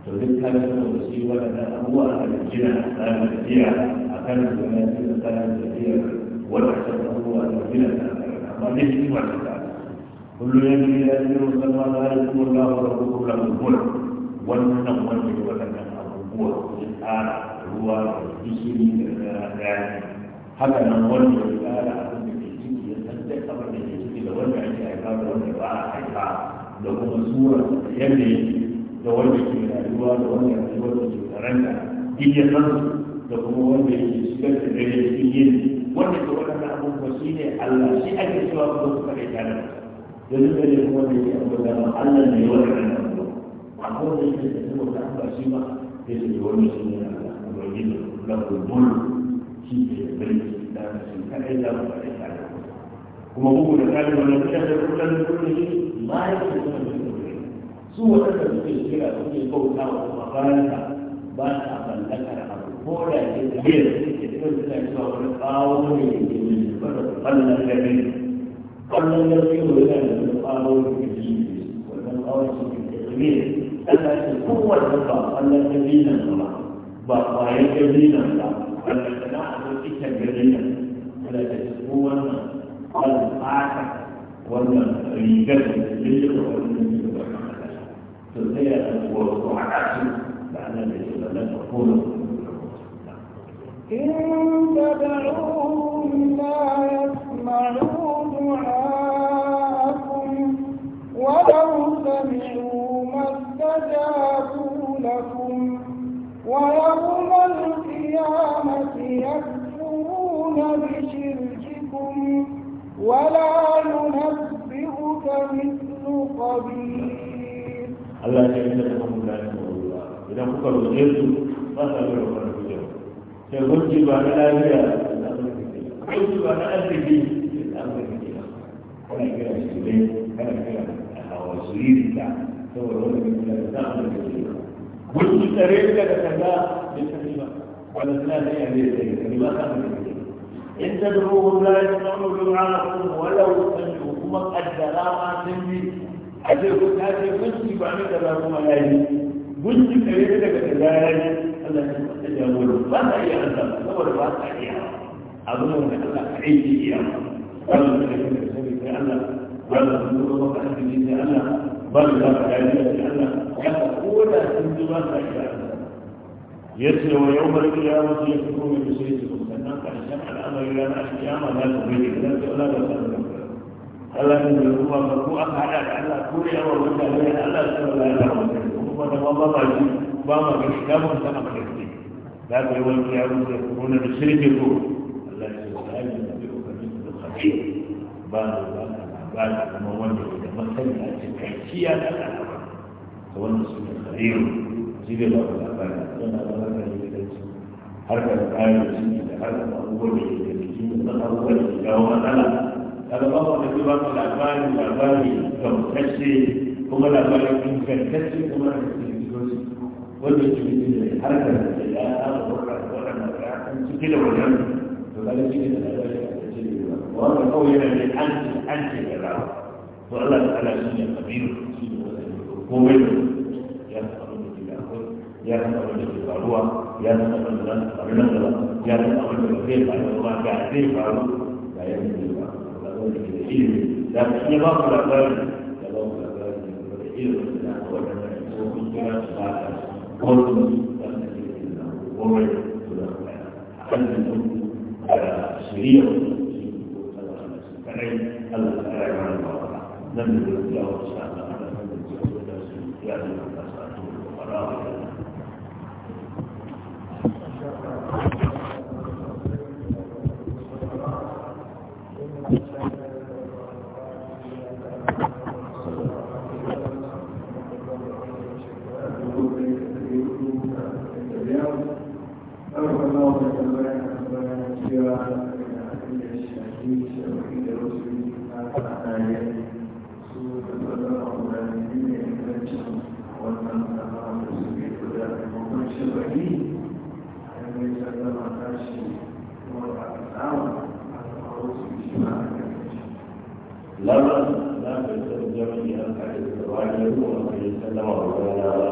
to duk kada saboda shi waɗannan abubuwa a kan jira a kan tafiya a kan zuwa ya ce da kayan tafiya wani wasan da gina ta amma ne shi ma ta kuma wannan wanda abubuwa ya tsara ruwa da gishiri da rani haka nan wanda da ke ciki ya san da ke ciki da ake da ba a haifa da kuma sura da rayuwa da wanda ke wanda ke karanta duk ya su da kuma wanda yake shigar da dare cikin yin wanda ke waɗanda abubuwa shi ne Allah shi ake cewa ko su kaɗai ta da yanzu da ne kuma da yake abu da ma Allah ne waɗannan abubuwa amma wanda da kuma da ba shi ma wani shi ne na kulmul shi ke da shi da ba da kuma bugu da da da shi ma ya ce kuma da su suke suke bauta wa kuma ba ta mallakar abu ko da ke biyar suke da suna cewa wani kawo ne ya ke yi wannan gari wannan gari ko yana da wani kawo ne ya yi wannan kawo su ke da biyar Allah ya ce kowanne ba wannan gari nan ba ba kwayan gari nan ba wannan kana a lokacin gari nan Allah ya ce kowanne wannan fata wannan rigar da ke da wannan gari ba to sai ya ce wasu a ƙasa da Allah ya ce wannan kawo
إن تدعوهم لا يسمعوا دعاءكم ولو سمعوا ما استجابوا لكم ويوم القيامة يكفرون بشرككم ولا ينبئك مثل خبير
الله يجعل لكم الله إذا كنتم غيرتم فاسألوا ربنا da gwaji ba na lafiya gwaji ba na arziki kana kira shi ne kana kira a wasu yi ta saboda wani mutum da ta amma da ke gwaji tsare ka da kaza da sani ba wanda suna da yare da ya sani ba ta amma da ke in ta dubu la ya tsamo du'a walau an kuma qaddara ma sun a ce ko ta ce gwaji ba ne da ba kuma yayi gwaji tsare ka da kaza yayi الذي تتجاوز ما هي أنت تصور ما هي أظن أن الله عيد يسر ويوم القيامة يكفرون بشرككم سنة فإن الأمر إلى لا تبين ولا تسلم الله يقول الله مرفوعا على أن كل أمر من الله لا تسلم وما مضى وما بشكام وسلم الاسلام لا بيوم يعود يكونون بشرك الكفر الله يسأل ينبئك مثل الخبير بان بان كما وجه يتمثل التكفية سواء سنة الخبير زيد الله الأبان أنا أبان حركة الآية التي حركة أول التي أول التي جاءوا مثلا هذا بعض الذي بعض الأبان الأبان كمتشي kuma labarin ingantaccen kuma da kirkiroci wanda ke yi da harkar da ya aka warka da waɗanda ka an cike da wajen to ba da cike da labarin da ta ce da ba wanda kawai yana da an ce an ce da rawa to Allah ta ala shi ne kabiru shi ne wanda komai da ya san abin da ke da akwai ya san abin da ke faruwa ya san abin da za su faru nan gaba ya san abin da zai faru ba ga zai faru ga yadda zai faru ga wanda ke da ilimi da iya ba ku labarin ilimin da waɗanda su kun kira su ba da kwallon wanda ke da wawar da a kan da su da shirya kadai Allah ta yi mana ba ba nan da ya wuce a kan da su ya da su a cikin fara mafi hankali da wani ruwa mafi sallama wa wani rawa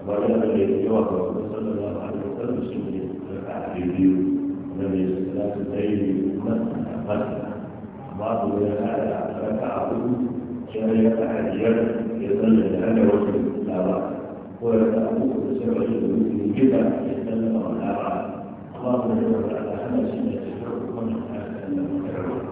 amma da abin da ya yi yawa ga wani sallama a da wasan shi ne da ka a biyu da mai sallama su zai yi masu amma da wani hada raka a hudu shi ya ka a biyar ya sallama da hada wasu lawa ko ya ka a uku da sallama da wani gida ya sallama wa lawa amma da wani hada shi ne da shi ne kuma da hada sallama da rawa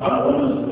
a wannan